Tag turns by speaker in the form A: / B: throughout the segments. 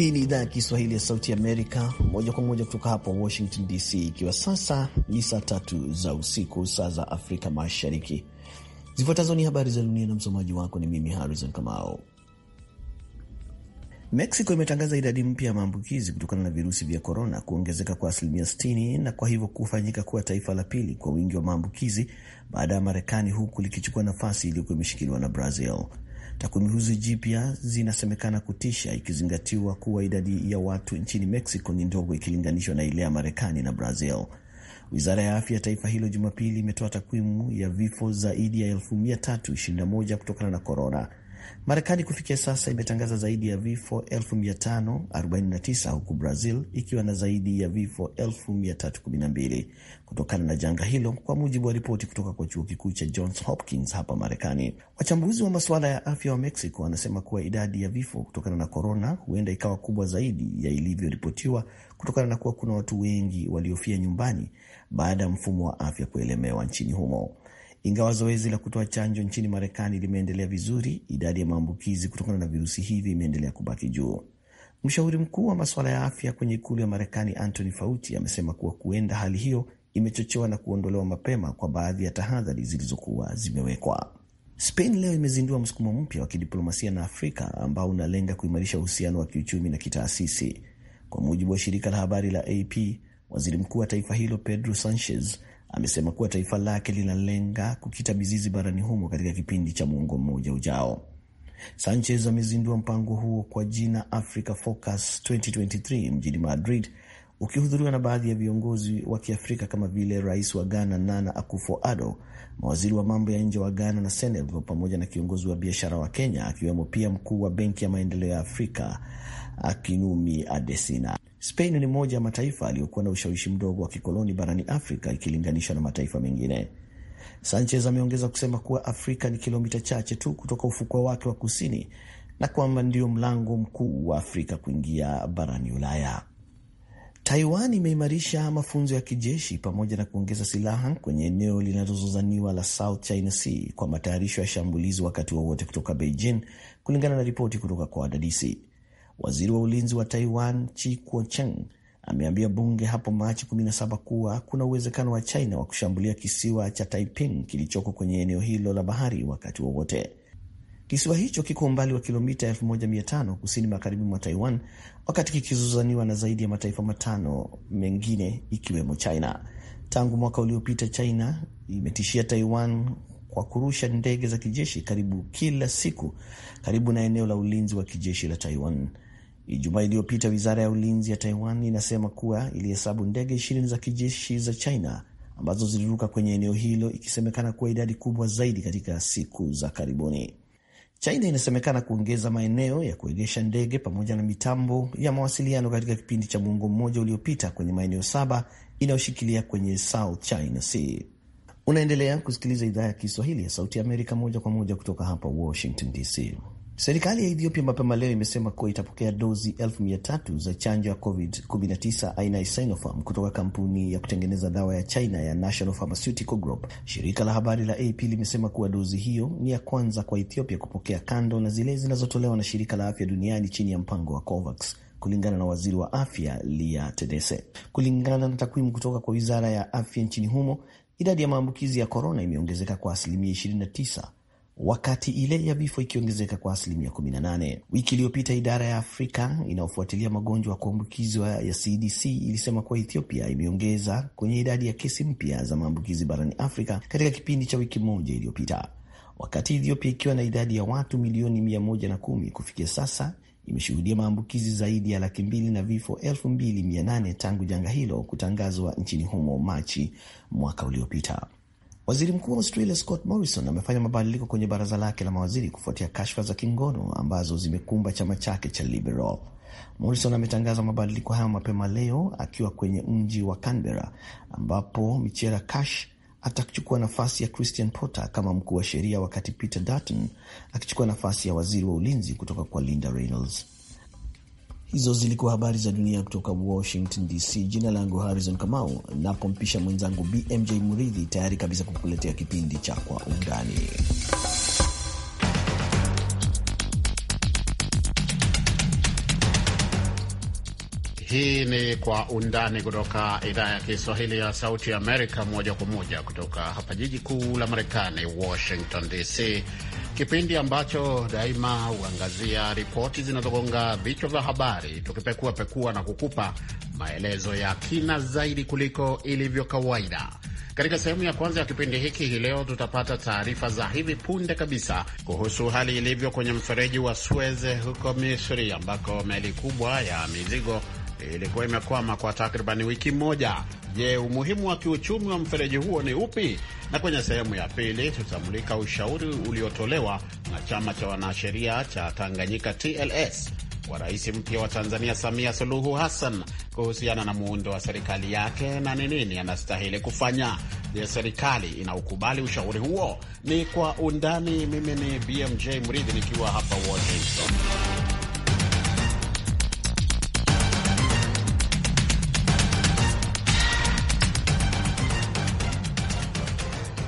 A: Hii ni idhaa ya Kiswahili ya Sauti Amerika, moja kwa moja kutoka hapa Washington DC, ikiwa sasa ni saa tatu za usiku, saa za Afrika Mashariki. Zifuatazo ni habari za dunia na msomaji wako ni mimi Harrison Kamao. Mexico imetangaza idadi mpya ya maambukizi kutokana na virusi vya korona kuongezeka kwa asilimia 60 na kwa hivyo kufanyika kuwa taifa la pili kwa wingi wa maambukizi baada ya Marekani, huku likichukua nafasi iliyokuwa imeshikiliwa na Brazil. Takwimu hizo jipya zinasemekana kutisha ikizingatiwa kuwa idadi ya watu nchini Mexico ni ndogo ikilinganishwa na ile ya Marekani na Brazil. Wizara ya afya ya taifa hilo Jumapili imetoa takwimu ya vifo zaidi ya l321 kutokana na korona, Marekani kufikia sasa imetangaza zaidi ya vifo 549 huku Brazil ikiwa na zaidi ya vifo 312 kutokana na janga hilo, kwa mujibu wa ripoti kutoka kwa chuo kikuu cha Johns Hopkins hapa Marekani. Wachambuzi wa masuala ya afya wa Mexico wanasema kuwa idadi ya vifo kutokana na korona huenda ikawa kubwa zaidi ya ilivyoripotiwa kutokana na kuwa kuna watu wengi waliofia nyumbani baada ya mfumo wa afya kuelemewa nchini humo. Ingawa zoezi la kutoa chanjo nchini Marekani limeendelea vizuri, idadi ya maambukizi kutokana na virusi hivi imeendelea kubaki juu. Mshauri mkuu wa masuala ya afya kwenye ikulu ya Marekani Anthony Fauci amesema kuwa kuenda hali hiyo imechochewa na kuondolewa mapema kwa baadhi ya tahadhari zilizokuwa zimewekwa. Spain leo imezindua msukumo mpya wa kidiplomasia na Afrika ambao unalenga kuimarisha uhusiano wa kiuchumi na kitaasisi. Kwa mujibu wa shirika la habari la AP, waziri mkuu wa taifa hilo Pedro Sanchez amesema kuwa taifa lake linalenga kukita mizizi barani humo katika kipindi cha muongo mmoja ujao. Sanchez amezindua mpango huo kwa jina Africa Focus 2023 mjini Madrid, ukihudhuriwa na baadhi ya viongozi wa Kiafrika kama vile rais wa Ghana Nana akufo ado mawaziri wa mambo ya nje wa Ghana na Senegal, pamoja na kiongozi wa biashara wa Kenya, akiwemo pia mkuu wa Benki ya Maendeleo ya Afrika akinumi Adesina. Spain ni moja ya mataifa aliyokuwa na ushawishi mdogo wa kikoloni barani Afrika ikilinganishwa na mataifa mengine. Sanchez ameongeza kusema kuwa Afrika ni kilomita chache tu kutoka ufukwa wake wa kusini na kwamba ndio mlango mkuu wa Afrika kuingia barani Ulaya. Taiwan imeimarisha mafunzo ya kijeshi pamoja na kuongeza silaha kwenye eneo linalozozaniwa la South China Sea kwa matayarisho ya shambulizi wakati wowote wa kutoka Beijing, kulingana na ripoti kutoka kwa wadadisi. Waziri wa ulinzi wa Taiwan Chi Kuo-cheng ameambia bunge hapo Machi 17 kuwa kuna uwezekano wa China wa kushambulia kisiwa cha Taiping kilichoko kwenye eneo hilo la bahari wakati wowote Kisiwa hicho kiko umbali wa kilomita 1500 kusini magharibi mwa Taiwan, wakati kikizuzaniwa na zaidi ya mataifa matano mengine ikiwemo China. Tangu mwaka uliopita, China imetishia Taiwan kwa kurusha ndege za kijeshi karibu kila siku karibu na eneo la ulinzi wa kijeshi la Taiwan. Ijumaa iliyopita wizara ya ulinzi ya Taiwan inasema kuwa ilihesabu ndege ishirini za kijeshi za China ambazo ziliruka kwenye eneo hilo, ikisemekana kuwa idadi kubwa zaidi katika siku za karibuni. China inasemekana kuongeza maeneo ya kuegesha ndege pamoja na mitambo ya mawasiliano katika kipindi cha muongo mmoja uliopita kwenye maeneo saba inayoshikilia kwenye South China Sea. Unaendelea kusikiliza idhaa ya Kiswahili ya Sauti ya Amerika moja kwa moja kutoka hapa Washington DC. Serikali ya Ethiopia mapema leo imesema kuwa itapokea dozi elfu mia tatu za chanjo ya COVID-19 aina ya Sinopharm kutoka kampuni ya kutengeneza dawa ya China ya National Pharmaceutical Group. Shirika la habari la AP limesema kuwa dozi hiyo ni ya kwanza kwa Ethiopia kupokea, kando na zile zinazotolewa na Shirika la Afya Duniani chini ya mpango wa COVAX kulingana na waziri wa afya Lia Tedese. Kulingana na takwimu kutoka kwa wizara ya afya nchini humo, idadi ya maambukizi ya korona imeongezeka kwa asilimia 29 wakati ile ya vifo ikiongezeka kwa asilimia 18. Wiki iliyopita idara ya Afrika inayofuatilia magonjwa ya kuambukizwa ya CDC ilisema kuwa Ethiopia imeongeza kwenye idadi ya kesi mpya za maambukizi barani Afrika katika kipindi cha wiki moja iliyopita, wakati Ethiopia ikiwa na idadi ya watu milioni 110 kufikia sasa imeshuhudia maambukizi zaidi ya laki mbili na vifo elfu mbili mia nane tangu janga hilo kutangazwa nchini humo Machi mwaka uliopita. Waziri mkuu wa Australia Scott Morrison amefanya mabadiliko kwenye baraza lake la mawaziri kufuatia kashfa za kingono ambazo zimekumba chama chake cha Liberal. Morrison ametangaza mabadiliko hayo mapema leo akiwa kwenye mji wa Canberra, ambapo Michela Cash atachukua nafasi ya Christian potter kama mkuu wa sheria, wakati Peter Dutton akichukua nafasi ya waziri wa ulinzi kutoka kwa Linda Reynolds. Hizo zilikuwa habari za dunia kutoka Washington DC. Jina langu Harrison Kamau, napompisha mwenzangu BMJ Muridhi, tayari kabisa kukuletea kipindi cha Kwa Undani.
B: Hii ni Kwa Undani kutoka idhaa ya Kiswahili ya Sauti ya Amerika, moja kwa moja kutoka hapa jiji kuu la Marekani, Washington DC kipindi ambacho daima huangazia ripoti zinazogonga vichwa vya habari, tukipekua pekua na kukupa maelezo ya kina zaidi kuliko ilivyo kawaida. Katika sehemu ya kwanza ya kipindi hiki hii leo tutapata taarifa za hivi punde kabisa kuhusu hali ilivyo kwenye mfereji wa Suez huko Misri, ambako meli kubwa ya mizigo ilikuwa imekwama kwa takribani wiki moja. Je, umuhimu wa kiuchumi wa mfereji huo ni upi? Na kwenye sehemu ya pili tutamulika ushauri uliotolewa na chama cha wanasheria cha Tanganyika TLS kwa rais mpya wa Tanzania Samia Suluhu Hassan kuhusiana na muundo wa serikali yake na ni nini anastahili kufanya. Je, serikali inaukubali ushauri huo? Ni kwa undani. Mimi ni BMJ Mridhi nikiwa hapa Washington.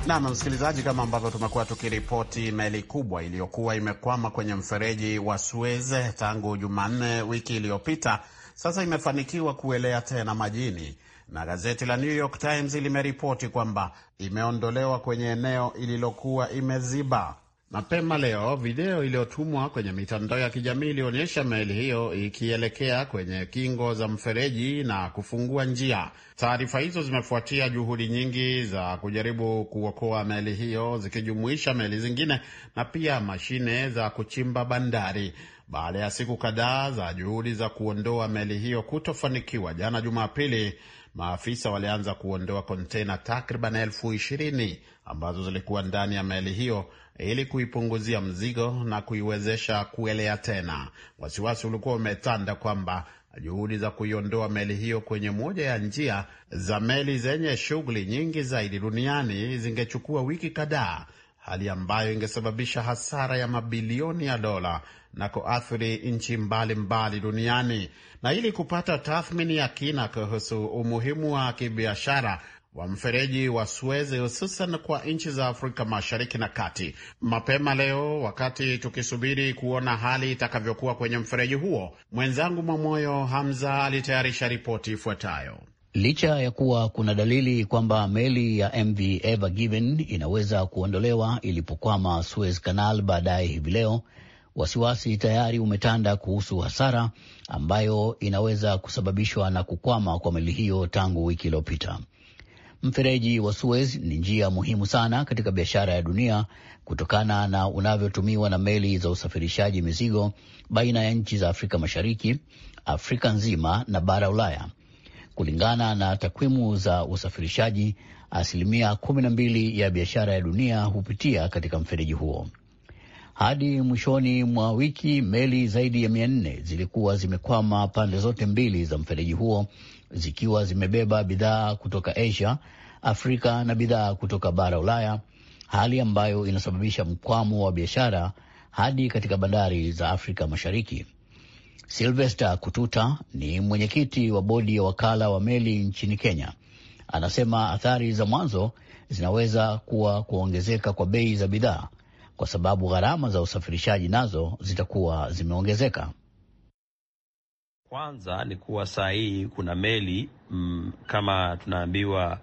B: Nam msikilizaji, kama ambavyo tumekuwa tukiripoti, meli kubwa iliyokuwa imekwama kwenye mfereji wa Suez tangu Jumanne wiki iliyopita sasa imefanikiwa kuelea tena majini, na gazeti la New York Times limeripoti kwamba imeondolewa kwenye eneo ililokuwa imeziba Mapema leo video iliyotumwa kwenye mitandao ya kijamii ilionyesha meli hiyo ikielekea kwenye kingo za mfereji na kufungua njia. Taarifa hizo zimefuatia juhudi nyingi za kujaribu kuokoa meli hiyo zikijumuisha meli zingine na pia mashine za kuchimba bandari. Baada ya siku kadhaa za juhudi za kuondoa meli hiyo kutofanikiwa, jana Jumapili, maafisa walianza kuondoa kontena takriban elfu ishirini ambazo zilikuwa ndani ya meli hiyo ili kuipunguzia mzigo na kuiwezesha kuelea tena. Wasiwasi ulikuwa umetanda kwamba juhudi za kuiondoa meli hiyo kwenye moja ya njia za meli zenye shughuli nyingi zaidi duniani zingechukua wiki kadhaa, hali ambayo ingesababisha hasara ya mabilioni ya dola na kuathiri nchi mbalimbali duniani. Na ili kupata tathmini ya kina kuhusu umuhimu wa kibiashara wa mfereji wa Suez hususan kwa nchi za Afrika Mashariki na Kati. Mapema leo, wakati tukisubiri kuona hali itakavyokuwa kwenye mfereji huo, mwenzangu Mwamoyo Hamza alitayarisha ripoti ifuatayo.
C: Licha ya kuwa kuna dalili kwamba meli ya MV Ever Given inaweza kuondolewa ilipokwama Suez Canal baadaye hivi leo, wasiwasi tayari umetanda kuhusu hasara ambayo inaweza kusababishwa na kukwama kwa meli hiyo tangu wiki iliyopita. Mfereji wa Suez ni njia muhimu sana katika biashara ya dunia kutokana na unavyotumiwa na meli za usafirishaji mizigo baina ya nchi za Afrika Mashariki, Afrika nzima na bara Ulaya. Kulingana na takwimu za usafirishaji, asilimia kumi na mbili ya biashara ya dunia hupitia katika mfereji huo. Hadi mwishoni mwa wiki meli zaidi ya mia nne zilikuwa zimekwama pande zote mbili za mfereji huo zikiwa zimebeba bidhaa kutoka Asia, Afrika na bidhaa kutoka bara Ulaya, hali ambayo inasababisha mkwamo wa biashara hadi katika bandari za Afrika Mashariki. Silvester Kututa ni mwenyekiti wa bodi ya wakala wa meli nchini Kenya. Anasema athari za mwanzo zinaweza kuwa kuongezeka kwa bei za bidhaa kwa sababu gharama za usafirishaji nazo zitakuwa zimeongezeka.
D: Kwanza ni kuwa saa hii kuna meli mm, kama tunaambiwa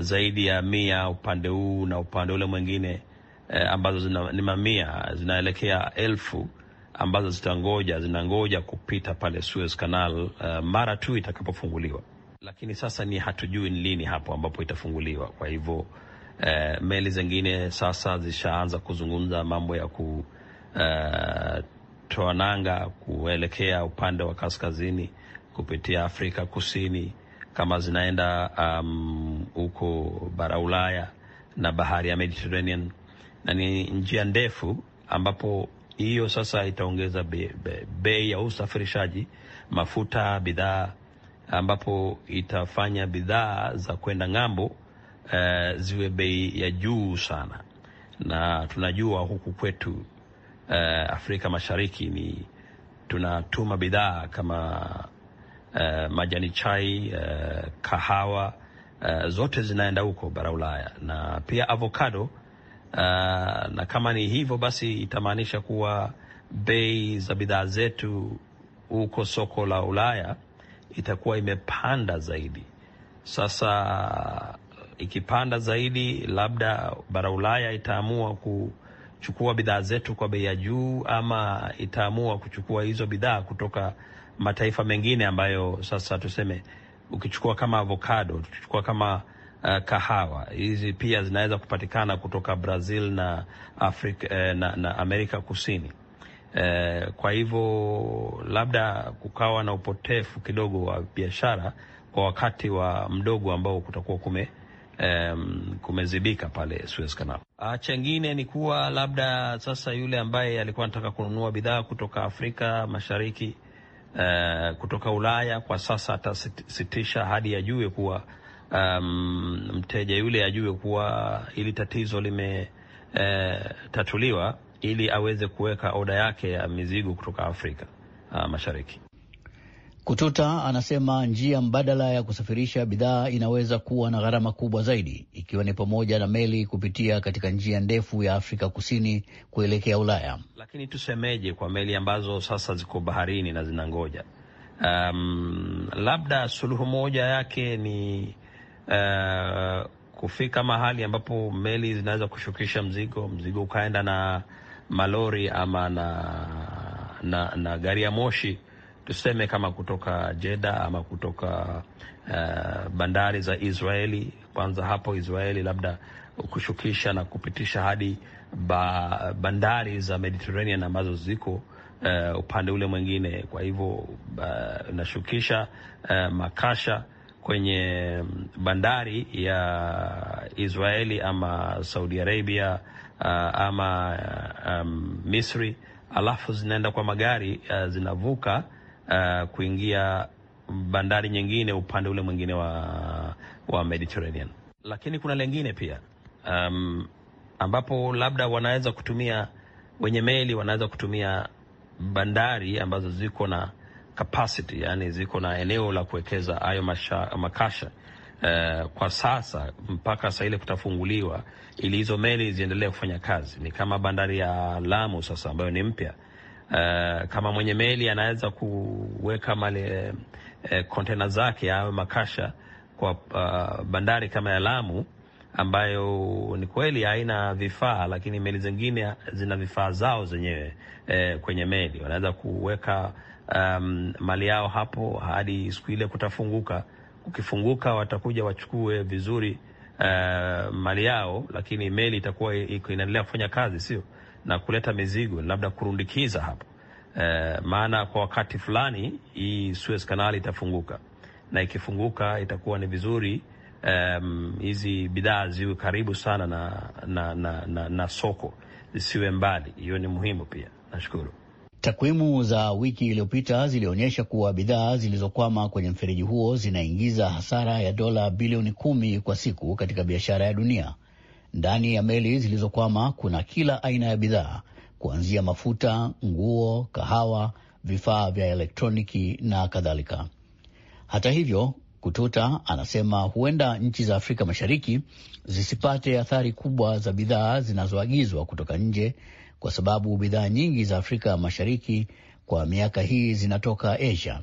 D: zaidi ya mia upande huu na upande ule mwingine eh, ambazo zina, ni mamia zinaelekea elfu ambazo zitangoja zinangoja kupita pale Suez Canal uh, mara tu itakapofunguliwa, lakini sasa ni hatujui ni lini hapo ambapo itafunguliwa. Kwa hivyo eh, meli zingine sasa zishaanza kuzungumza mambo ya kutoa eh, nanga kuelekea upande wa kaskazini kupitia Afrika Kusini, kama zinaenda um, huko um, bara Ulaya na bahari ya Mediterranean, na ni njia ndefu ambapo hiyo sasa itaongeza bei be, be ya usafirishaji mafuta, bidhaa ambapo itafanya bidhaa za kwenda ng'ambo uh, ziwe bei ya juu sana, na tunajua huku kwetu uh, Afrika Mashariki ni tunatuma bidhaa kama uh, majani chai uh, kahawa uh, zote zinaenda huko bara Ulaya na pia avocado uh, na kama ni hivyo basi itamaanisha kuwa bei za bidhaa zetu huko soko la Ulaya itakuwa imepanda zaidi. Sasa ikipanda zaidi, labda bara Ulaya itaamua kuchukua bidhaa zetu kwa bei ya juu, ama itaamua kuchukua hizo bidhaa kutoka mataifa mengine ambayo sasa tuseme, ukichukua kama avocado, tukichukua kama uh, kahawa, hizi pia zinaweza kupatikana kutoka Brazil na Afrika, eh, na, na Amerika Kusini. Eh, kwa hivyo labda kukawa na upotefu kidogo wa biashara kwa wakati wa mdogo ambao kutakuwa kume um, kumezibika pale Suez Canal. Ah, chengine ni kuwa labda sasa yule ambaye alikuwa anataka kununua bidhaa kutoka Afrika Mashariki uh, kutoka Ulaya kwa sasa atasitisha hadi ajue kuwa um, mteja yule ajue kuwa hili tatizo limetatuliwa eh, uh, ili aweze kuweka oda yake ya mizigo kutoka Afrika uh, Mashariki.
C: Kututa anasema njia mbadala ya kusafirisha bidhaa inaweza kuwa na gharama kubwa zaidi, ikiwa ni pamoja na meli kupitia katika njia ndefu ya Afrika Kusini kuelekea Ulaya.
D: Lakini tusemeje kwa meli ambazo sasa ziko baharini na zinangoja? Um, labda suluhu moja yake ni uh, kufika mahali ambapo meli zinaweza kushukisha mzigo, mzigo ukaenda na malori ama na, na, na gari ya moshi tuseme kama kutoka jeda ama kutoka uh, bandari za Israeli. Kwanza hapo Israeli labda kushukisha na kupitisha hadi ba, bandari za Mediterranean ambazo ziko uh, upande ule mwingine. Kwa hivyo uh, nashukisha uh, makasha kwenye bandari ya Israeli ama Saudi Arabia uh, ama um, Misri, alafu zinaenda kwa magari uh, zinavuka uh, kuingia bandari nyingine upande ule mwingine wa, wa Mediterranean. Lakini kuna lengine pia um, ambapo labda wanaweza kutumia wenye meli wanaweza kutumia bandari ambazo ziko na capacity, yani ziko na eneo la kuwekeza hayo makasha uh, kwa sasa mpaka saa ile kutafunguliwa, ili hizo meli ziendelee kufanya kazi. Ni kama bandari ya Lamu sasa ambayo ni mpya uh, kama mwenye meli anaweza kuweka male eh, kontena eh, uh, zake au makasha kwa uh, bandari kama ya Lamu ambayo ni kweli haina vifaa, lakini meli zingine zina vifaa zao zenyewe eh, kwenye meli wanaweza kuweka um, mali yao hapo hadi siku ile kutafunguka. ukifunguka watakuja wachukue vizuri uh, mali yao, lakini meli itakuwa inaendelea kufanya kazi, sio na kuleta mizigo labda kurundikiza hapo e, maana kwa wakati fulani hii Suez Canal itafunguka, na ikifunguka itakuwa ni vizuri hizi um, bidhaa ziwe karibu sana na, na, na, na, na soko zisiwe mbali. Hiyo ni muhimu pia. Nashukuru.
C: Takwimu za wiki iliyopita zilionyesha kuwa bidhaa zilizokwama kwenye mfereji huo zinaingiza hasara ya dola bilioni kumi kwa siku katika biashara ya dunia. Ndani ya meli zilizokwama kuna kila aina ya bidhaa, kuanzia mafuta, nguo, kahawa, vifaa vya elektroniki na kadhalika. Hata hivyo, Kututa anasema huenda nchi za Afrika Mashariki zisipate athari kubwa za bidhaa zinazoagizwa kutoka nje kwa sababu bidhaa nyingi za Afrika Mashariki kwa miaka hii zinatoka Asia,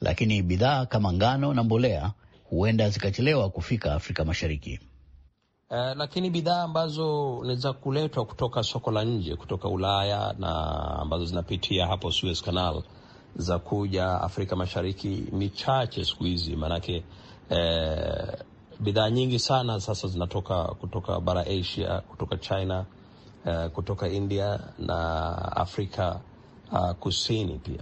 C: lakini bidhaa kama ngano na mbolea huenda zikachelewa kufika Afrika Mashariki.
D: Uh, lakini bidhaa ambazo ni za kuletwa kutoka soko la nje kutoka Ulaya na ambazo zinapitia hapo Suez Canal za kuja Afrika Mashariki ni chache siku hizi, maanake eh, bidhaa nyingi sana sasa zinatoka kutoka bara Asia, kutoka China, eh, kutoka India na Afrika uh, Kusini pia.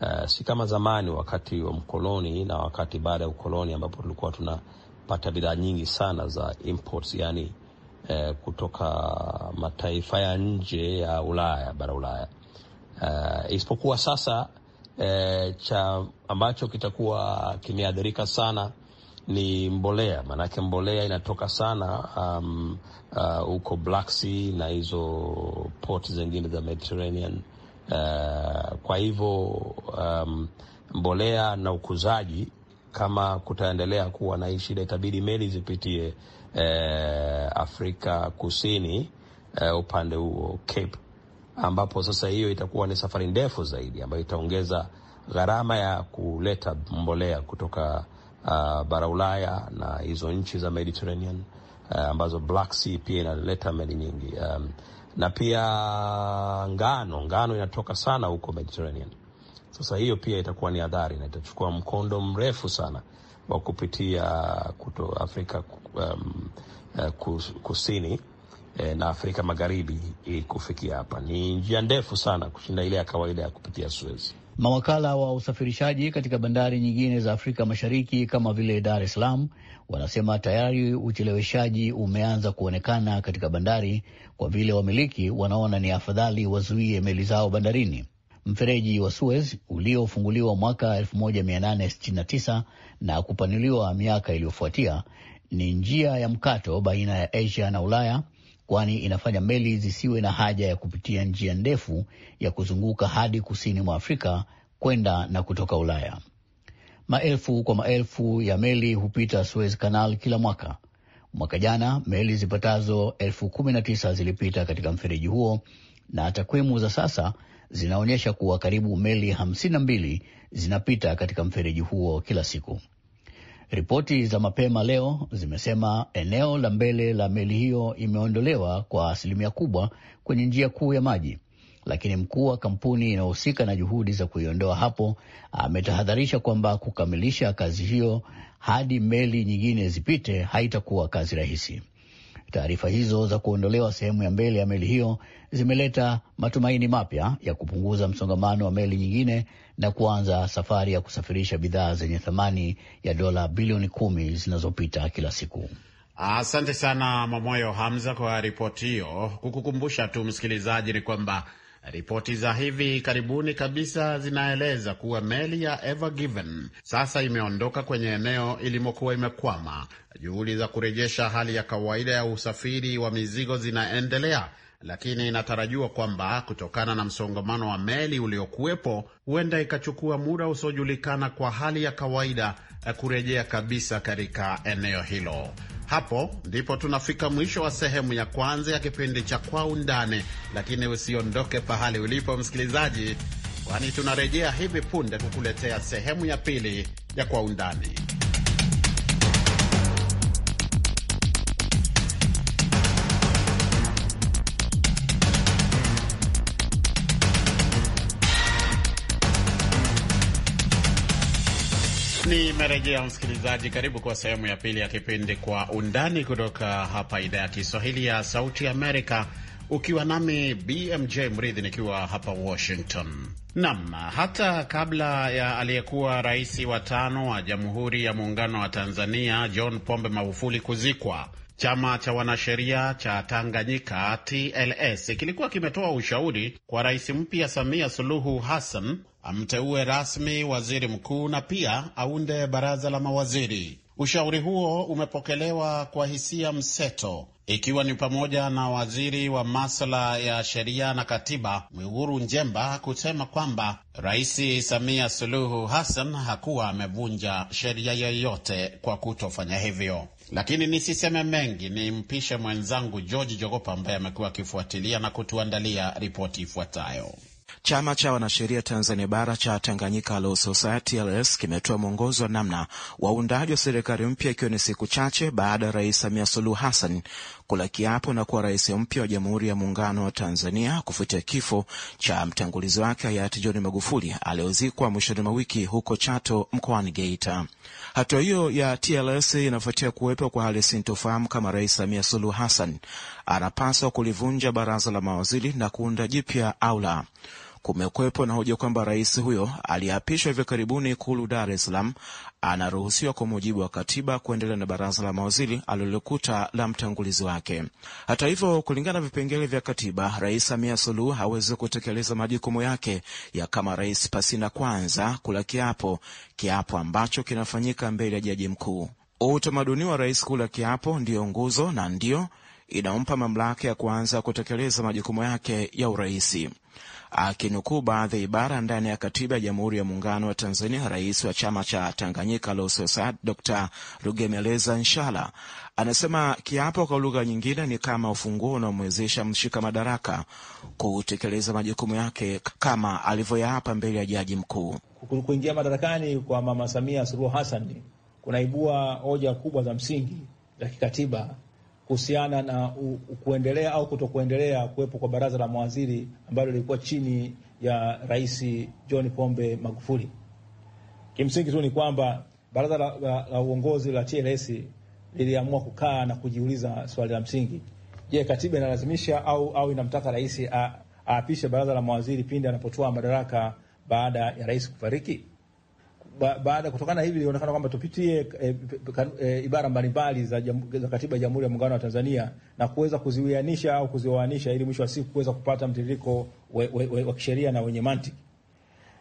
D: Eh, si kama zamani wakati wa mkoloni na wakati baada ya ukoloni ambapo tulikuwa tuna pata bidhaa nyingi sana za imports, yani eh, kutoka mataifa ya nje ya Ulaya, bara Ulaya eh, isipokuwa sasa eh, cha ambacho kitakuwa kimeathirika sana ni mbolea, maanake mbolea inatoka sana um, uh, huko uh, Black Sea na hizo port zingine za Mediterranean. Uh, kwa hivyo um, mbolea na ukuzaji kama kutaendelea kuwa na hii shida, itabidi meli zipitie eh, Afrika Kusini eh, upande huo Cape, ambapo sasa hiyo itakuwa ni safari ndefu zaidi ambayo itaongeza gharama ya kuleta mbolea kutoka uh, bara Ulaya na hizo nchi za Mediterranean uh, ambazo Black Sea pia inaleta meli nyingi um, na pia ngano ngano inatoka sana huko Mediterranean sasa hiyo pia itakuwa ni adhari na itachukua mkondo mrefu sana wa kupitia kuto Afrika um, uh, kusini eh, na Afrika magharibi ili kufikia hapa. Ni njia ndefu sana kushinda ile ya kawaida ya kupitia Suez.
C: Mawakala wa usafirishaji katika bandari nyingine za Afrika Mashariki kama vile Dar es Salaam wanasema tayari ucheleweshaji umeanza kuonekana katika bandari, kwa vile wamiliki wanaona ni afadhali wazuie meli zao bandarini. Mfereji wa Suez uliofunguliwa mwaka 1869 na kupanuliwa miaka iliyofuatia ni njia ya mkato baina ya Asia na Ulaya, kwani inafanya meli zisiwe na haja ya kupitia njia ndefu ya kuzunguka hadi kusini mwa Afrika kwenda na kutoka Ulaya. Maelfu kwa maelfu ya meli hupita Suez Canal kila mwaka. Mwaka jana meli zipatazo elfu kumi na tisa zilipita katika mfereji huo na takwimu za sasa zinaonyesha kuwa karibu meli hamsini na mbili zinapita katika mfereji huo kila siku. Ripoti za mapema leo zimesema eneo la mbele la meli hiyo imeondolewa kwa asilimia kubwa kwenye njia kuu ya maji, lakini mkuu wa kampuni inayohusika na juhudi za kuiondoa hapo ametahadharisha kwamba kukamilisha kazi hiyo hadi meli nyingine zipite haitakuwa kazi rahisi. Taarifa hizo za kuondolewa sehemu ya mbele ya meli hiyo zimeleta matumaini mapya ya kupunguza msongamano wa meli nyingine na kuanza safari ya kusafirisha bidhaa zenye thamani ya dola bilioni kumi zinazopita kila siku.
B: Asante sana Mamoyo Hamza kwa ripoti hiyo. Kukukumbusha tu msikilizaji ni kwamba Ripoti za hivi karibuni kabisa zinaeleza kuwa meli ya Ever Given sasa imeondoka kwenye eneo ilimokuwa imekwama. Juhudi za kurejesha hali ya kawaida ya usafiri wa mizigo zinaendelea, lakini inatarajiwa kwamba kutokana na msongamano wa meli uliokuwepo, huenda ikachukua muda usiojulikana kwa hali ya kawaida kurejea kabisa katika eneo hilo. Hapo ndipo tunafika mwisho wa sehemu ya kwanza ya kipindi cha Kwa Undani, lakini usiondoke pahali ulipo msikilizaji, kwani tunarejea hivi punde kukuletea sehemu ya pili ya Kwa Undani. Nimerejea msikilizaji, karibu kwa sehemu ya pili ya kipindi Kwa Undani kutoka hapa idhaa ya Kiswahili ya Sauti Amerika, ukiwa nami BMJ Mridhi nikiwa hapa Washington. Naam, hata kabla ya aliyekuwa rais wa tano wa Jamhuri ya Muungano wa Tanzania John Pombe Magufuli kuzikwa, chama cha wanasheria cha Tanganyika TLS kilikuwa kimetoa ushauri kwa rais mpya Samia Suluhu Hassan amteue rasmi waziri mkuu na pia aunde baraza la mawaziri. Ushauri huo umepokelewa kwa hisia mseto, ikiwa ni pamoja na waziri wa masuala ya sheria na katiba Mwigulu njemba kusema kwamba Rais Samia Suluhu Hassan hakuwa amevunja sheria yoyote kwa kutofanya hivyo. Lakini nisiseme mengi, ni mpishe mwenzangu George Jogopa ambaye amekuwa akifuatilia na kutuandalia ripoti ifuatayo. Chama
E: cha wanasheria Tanzania bara cha Tanganyika Law Society kimetoa mwongozo wa namna waundaji wa serikali mpya, ikiwa ni siku chache baada ya Rais Samia Suluhu Hassan kula kiapo na kuwa rais mpya wa Jamhuri ya Muungano wa Tanzania kufuatia kifo cha mtangulizi wake hayati John Magufuli aliyozikwa mwishoni mwa wiki huko Chato mkoani Geita. Hatua hiyo ya TLS inafuatia kuwepo kwa hali sintofahamu kama Rais Samia Suluhu Hassan anapaswa kulivunja baraza la mawaziri na kuunda jipya au la. Kumekwepo na hoja kwamba rais huyo aliyeapishwa hivi karibuni Ikulu Dar es Salaam anaruhusiwa kwa mujibu wa katiba kuendelea na baraza la mawaziri alilokuta la mtangulizi wake. Hata hivyo, kulingana na vipengele vya katiba, Rais Samia Suluhu hawezi kutekeleza majukumu yake ya kama rais pasina kwanza kula kiapo, kiapo ambacho kinafanyika mbele ya jaji mkuu. Utamaduni wa rais kula kiapo ndiyo nguzo na ndiyo inampa mamlaka ya kuanza kutekeleza majukumu yake ya uraisi. Akinukuu baadhi ya ibara ndani ya katiba ya Jamhuri ya Muungano wa Tanzania, rais wa chama cha Tanganyika Law Society Dr Rugemeleza Nshala anasema kiapo kwa lugha nyingine ni kama ufunguo unaomwezesha mshika madaraka kutekeleza majukumu yake kama alivyoyaapa mbele ya jaji mkuu.
F: Kuingia madarakani kwa Mama Samia Suluhu Hassan kunaibua hoja kubwa za msingi za kikatiba kuhusiana na kuendelea au kutokuendelea kuwepo kwa baraza la mawaziri ambalo lilikuwa chini ya Rais John Pombe Magufuli. Kimsingi tu ni kwamba baraza la, la, la uongozi la TLS liliamua kukaa na kujiuliza swali la msingi: je, katiba inalazimisha au, au inamtaka rais aapishe baraza la mawaziri pindi anapotoa madaraka baada ya rais kufariki? baada kutokana hivi ilionekana kwamba tupitie e, e, ibara mbalimbali za, za katiba ya Jamhuri ya Muungano wa Tanzania na kuweza kuziwianisha au kuziwaanisha ili mwisho wa siku kuweza kupata mtiririko wa kisheria na wenye mantiki.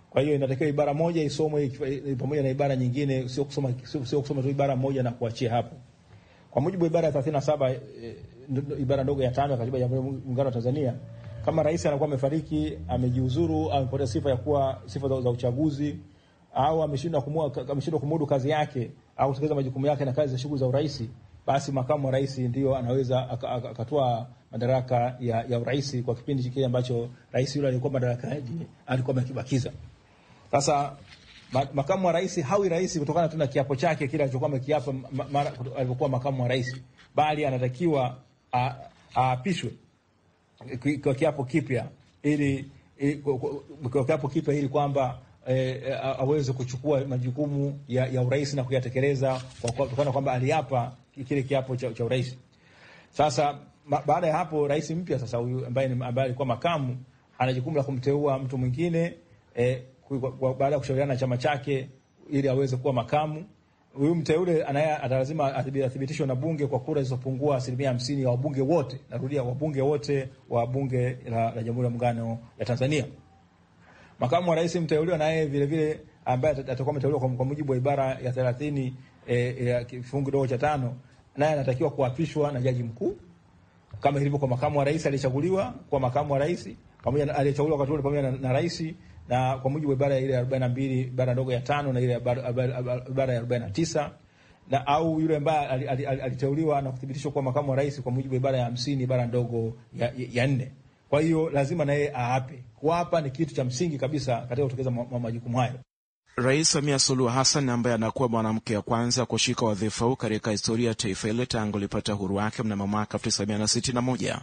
F: Kwa hiyo inatakiwa ibara moja isomwe eh, pamoja na ibara nyingine, sio kusoma sio kusoma tu ibara moja na kuachia hapo. Kwa mujibu wa ibara ya 37 e, ibara ndogo ya tano ya katiba ya Jamhuri ya Muungano wa Tanzania, kama rais anakuwa amefariki, amejiuzuru, amepoteza sifa ya kuwa sifa za, za uchaguzi au ameshindwa kumudu kazi yake au kutekeleza majukumu yake na kazi za shughuli za urais, basi makamu wa rais ndio anaweza akatoa madaraka ya, ya urais kwa kipindi kile ambacho rais yule alikuwa madarakani alikuwa amekibakiza. Sasa makamu wa rais hawi rais kutokana tu na kiapo chake kile alichokuwa amekiapa mara alipokuwa makamu wa rais, bali anatakiwa aapishwe kwa kiapo kipya ili kwa kiapo kipya ili kwamba eh, eh aweze kuchukua majukumu ya, ya urais na kuyatekeleza kwa kutokana kwamba aliapa kile kiapo cha, cha urais. Sasa baada ya hapo rais mpya sasa huyu ambaye ambaye alikuwa makamu ana jukumu la kumteua mtu mwingine eh, baada ya kushauriana na chama chake ili aweze kuwa makamu. Huyu mteule anaye atalazima athibitishwe na bunge kwa kura zilizopungua asilimia hamsini ya wabunge wote, narudia wabunge wote wa bunge la, la Jamhuri ya Muungano ya Tanzania. Makamu wa rais mteuliwa naye vile vile ambaye atakuwa ameteuliwa kwa mujibu wa ibara ya thelathini e, e, ya kifungu kidogo cha tano naye anatakiwa kuapishwa na jaji mkuu kama ilivyo kwa makamu wa rais aliyechaguliwa kwa makamu wa rais pamoja na aliyechaguliwa kwa pamoja na, na rais na kwa mujibu wa ibara ya ile ya 42 ibara ndogo ya tano na ile ibara ya 49 na au yule ambaye aliteuliwa ali, ali, ali na kuthibitishwa kuwa makamu wa rais kwa mujibu wa ibara ya 50 ibara ndogo ya 4. Kwa hiyo lazima naye aape. Kuapa ni kitu cha msingi kabisa katika kutekeleza majukumu hayo.
E: Rais Samia Suluhu Hassan ambaye anakuwa mwanamke wa kwanza kushika wadhifa huu katika historia ya taifa hilo tangu lipata uhuru wake mnamo mwaka 1961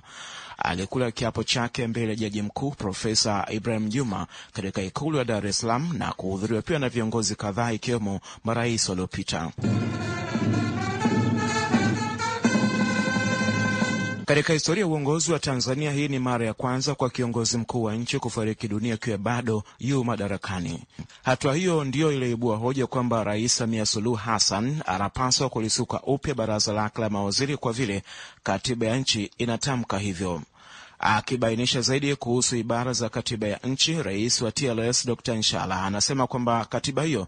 E: alikula kiapo chake mbele ya jaji mkuu Profesa Ibrahim Juma katika ikulu ya Dar es Salaam na kuhudhuriwa pia na viongozi kadhaa ikiwemo marais waliopita. Katika historia ya uongozi wa Tanzania, hii ni mara ya kwanza kwa kiongozi mkuu wa nchi kufariki dunia akiwa bado yu madarakani. Hatua hiyo ndiyo iliyoibua hoja kwamba Rais Samia Suluhu Hassan anapaswa kulisuka upya baraza lake la mawaziri kwa vile katiba ya nchi inatamka hivyo. Akibainisha zaidi kuhusu ibara za katiba ya nchi, rais wa TLS Dr Nshala anasema kwamba katiba hiyo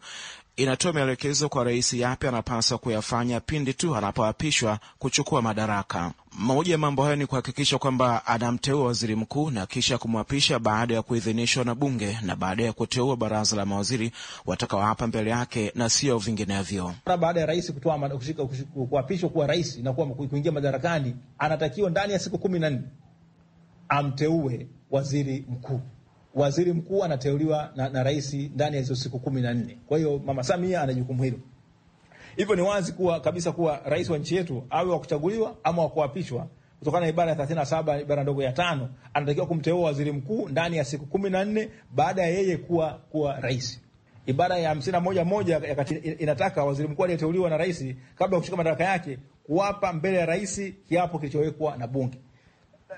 E: inatoa maelekezo kwa rais yapi anapaswa kuyafanya pindi tu anapoapishwa kuchukua madaraka. Moja ya mambo hayo ni kuhakikisha kwamba anamteua waziri mkuu na kisha kumwapisha baada ya kuidhinishwa na bunge na baada ya kuteua baraza la mawaziri watakaoapa mbele yake na sio vinginevyo.
F: Mara baada ya rais kuapishwa kuwa rais na kuwa kuingia madarakani, anatakiwa ndani ya siku kumi na nne amteue waziri mkuu waziri mkuu anateuliwa na, na rais ndani ya hizo siku kumi na nne. Kwa hiyo Mama Samia ana jukumu hilo. Hivyo ni wazi kuwa kabisa kuwa rais wa nchi yetu awe wa kuchaguliwa ama wa kuapishwa kutokana na ibara ya thelathini na saba ibara ndogo ya tano, anatakiwa kumteua waziri mkuu ndani ya siku kumi na nne baada ya yeye kuwa kuwa rais. Ibara ya hamsini na moja moja ya katiba inataka waziri mkuu aliyeteuliwa na rais kabla ya kushika madaraka yake kuwapa mbele ya rais kiapo kilichowekwa na bunge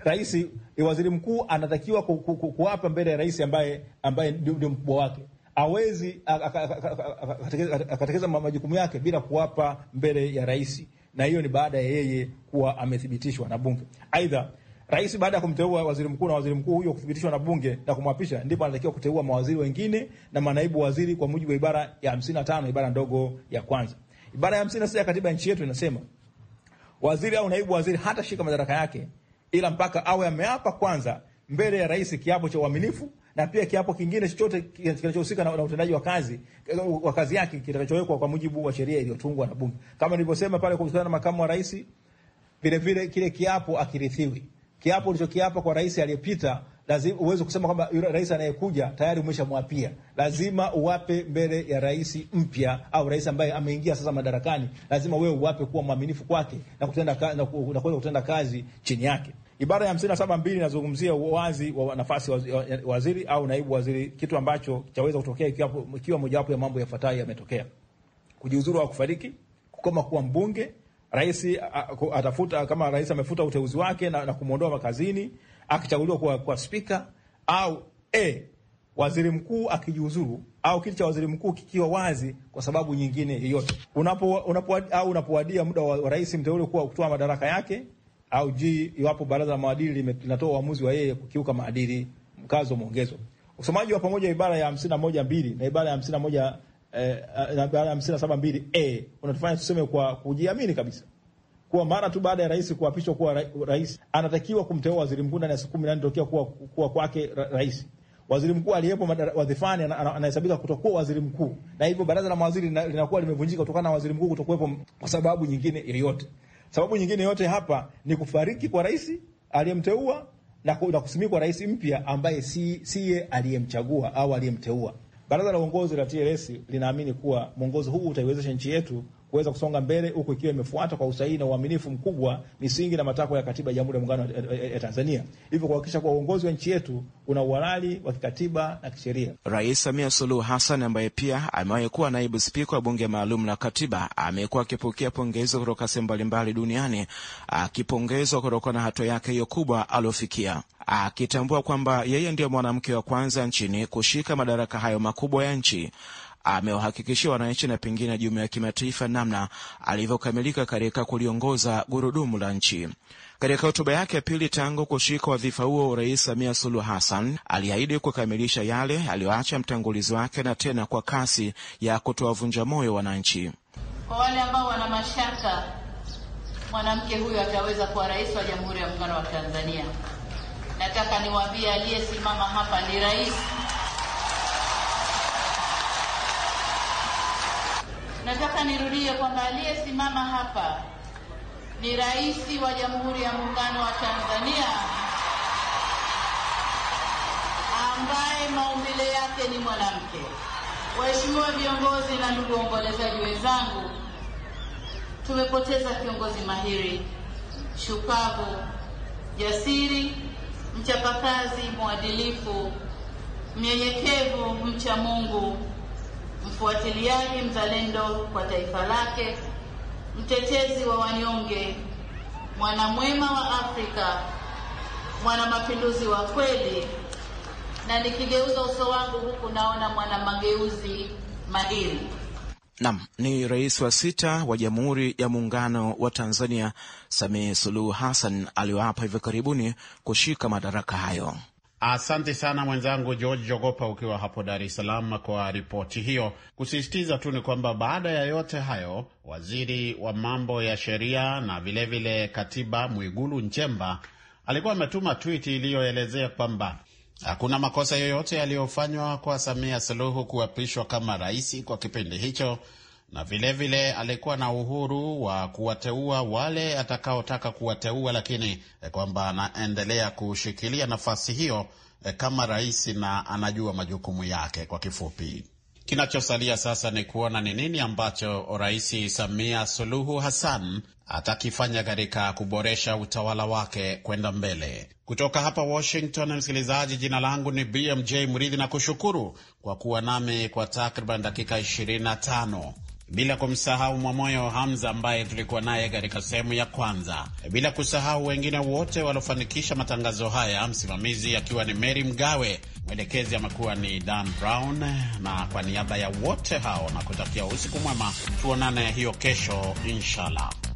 F: rais, eh, waziri mkuu anatakiwa kuapa mbele ya rais ambaye ambaye ndio mkubwa wake. Awezi akatekeleza majukumu yake bila kuwapa mbele ya rais, na hiyo ni baada ya yeye kuwa amethibitishwa na bunge. Aidha, rais baada ya kumteua waziri mkuu na waziri mkuu huyo kuthibitishwa na bunge na kumwapisha, ndipo anatakiwa kuteua mawaziri wengine na manaibu waziri kwa mujibu wa ibara ya 55 ibara ndogo ya kwanza. Ibara ya 56 ya katiba ya nchi yetu inasema waziri au naibu waziri hata shika madaraka yake ila mpaka awe ameapa kwanza mbele ya rais kiapo cha uaminifu na pia kiapo kingine chochote kinachohusika na, na utendaji wa kazi wa kazi yake kitakachowekwa kwa mujibu wa sheria iliyotungwa na Bunge. Kama nilivyosema pale kuhusiana na makamu wa rais, vile vile kile kiapo akirithiwi. Kiapo ulichokiapa kwa rais aliyepita, lazima uweze kusema kwamba yule rais anayekuja tayari umeshamwapia. Lazima uwape mbele ya rais mpya au rais ambaye ameingia sasa madarakani, lazima wewe uwape kuwa mwaminifu kwake na kutenda na kuweza kutenda kazi chini yake. Ibara ya hamsini na saba mbili inazungumzia uwazi wa nafasi waziri au naibu waziri, kitu ambacho chaweza kutokea ikiwa, ikiwa mojawapo ya mambo yafuatayo yametokea: kujiuzuru au kufariki, kukoma kuwa mbunge, rais atafuta kama rais amefuta uteuzi wake na, na kumwondoa makazini akichaguliwa kwa, kwa spika au e, waziri mkuu akijiuzuru au kiti cha waziri mkuu kikiwa wazi kwa sababu nyingine yoyote, unapo, unapo, au unapowadia muda wa, wa rais mteule kuwa kutoa madaraka yake au ji iwapo baraza la maadili linatoa uamuzi wa yeye kukiuka maadili, mkazo mwongezo. Usomaji wa pamoja ibara ya 51.2 na ibara ya 51 eh, na ibara ya 57.2a unatufanya tuseme kwa kujiamini kabisa kuwa mara tu baada ya rais kuapishwa kuwa rais anatakiwa kumteua waziri mkuu ndani ya siku 14 tokea kuwa kuwa kwake rais. Waziri mkuu aliyepo wadhifani anahesabika kutokuwa waziri mkuu, na hivyo baraza la mawaziri linakuwa limevunjika kutokana na waziri mkuu kutokuwepo kwa sababu nyingine yoyote. Sababu nyingine yote hapa ni kufariki kwa rais aliyemteua na kusimikwa kwa rais mpya ambaye si siye aliyemchagua au aliyemteua. Baraza la uongozi la TLS linaamini kuwa mwongozo huu utaiwezesha nchi yetu kuweza kusonga mbele, huku ikiwa imefuata kwa usahihi na uaminifu mkubwa misingi na matakwa ya katiba ya Jamhuri ya Muungano ya Tanzania, hivyo kuhakikisha kuwa uongozi wa nchi yetu una uhalali wa kikatiba na kisheria.
E: Rais Samia Suluhu Hassan ambaye pia amewahi kuwa naibu spika wa bunge maalum la katiba amekuwa akipokea pongezi kutoka sehemu mbalimbali duniani, akipongezwa kutokana na hatua yake hiyo kubwa aliofikia, akitambua kwamba yeye ndiyo mwanamke wa kwanza nchini kushika madaraka hayo makubwa ya nchi amewahakikishia wananchi na pengine jumuiya ya kimataifa namna alivyokamilika katika kuliongoza gurudumu la nchi. Katika hotuba yake ya pili tangu kushika wadhifa huo, Rais Samia Suluhu Hassan aliahidi kukamilisha yale aliyoacha mtangulizi wake, na tena kwa kasi ya kutowavunja moyo wananchi.
G: Kwa wale ambao wana mashaka, mwanamke huyu ataweza kuwa rais wa Jamhuri ya Muungano wa Tanzania, nataka niwaambie aliyesimama hapa ni rais Nataka nirudie kwamba aliyesimama hapa ni Rais wa Jamhuri ya Muungano wa Tanzania ambaye maumbile yake ni mwanamke. Waheshimiwa viongozi na ndugu waombolezaji wenzangu, tumepoteza kiongozi mahiri, shupavu, jasiri, mchapakazi, mwadilifu, mnyenyekevu, mcha Mungu mfuatiliaji mzalendo kwa taifa lake, mtetezi wa wanyonge, mwanamwema wa Afrika, mwanamapinduzi wa kweli, na nikigeuza uso wangu huku naona mwanamageuzi mahiri.
E: Nam ni rais wa sita wa Jamhuri ya Muungano wa Tanzania, Samia Suluhu Hassan aliyoapa hivi karibuni kushika madaraka hayo.
B: Asante sana mwenzangu George Jogopa ukiwa hapo Dar es Salaam kwa ripoti hiyo. Kusisitiza tu ni kwamba baada ya yote hayo, waziri wa mambo ya sheria na vilevile vile katiba Mwigulu Nchemba alikuwa ametuma twiti iliyoelezea kwamba hakuna makosa yoyote yaliyofanywa kwa Samia Suluhu kuapishwa kama rais kwa kipindi hicho na vilevile vile alikuwa na uhuru wa kuwateua wale atakaotaka kuwateua, lakini eh, kwamba anaendelea kushikilia nafasi hiyo eh, kama rais na anajua majukumu yake. Kwa kifupi, kinachosalia sasa ni kuona ni nini ambacho Rais Samia Suluhu Hassan atakifanya katika kuboresha utawala wake kwenda mbele. Kutoka hapa Washington, msikilizaji, jina langu ni BMJ Mridhi na kushukuru kwa kuwa nami kwa takriban dakika 25 bila kumsahau Mwamoyo Hamza ambaye tulikuwa naye katika sehemu ya kwanza, bila kusahau wengine wote waliofanikisha matangazo haya, msimamizi akiwa ni Mary Mgawe, mwelekezi amekuwa ni Dan Brown, na kwa niaba ya wote hao na kutakia usiku mwema, tuonane hiyo kesho inshallah.